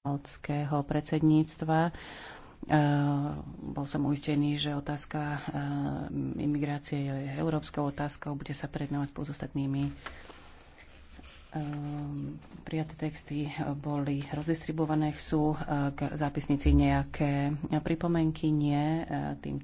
maltského predsedníctva. E, bol som uistený, že otázka e, imigrácie je európskou otázkou, bude sa prednávať spolu s ostatnými. E, prijaté texty boli rozdistribuované, sú k zápisnici nejaké pripomenky, nie tým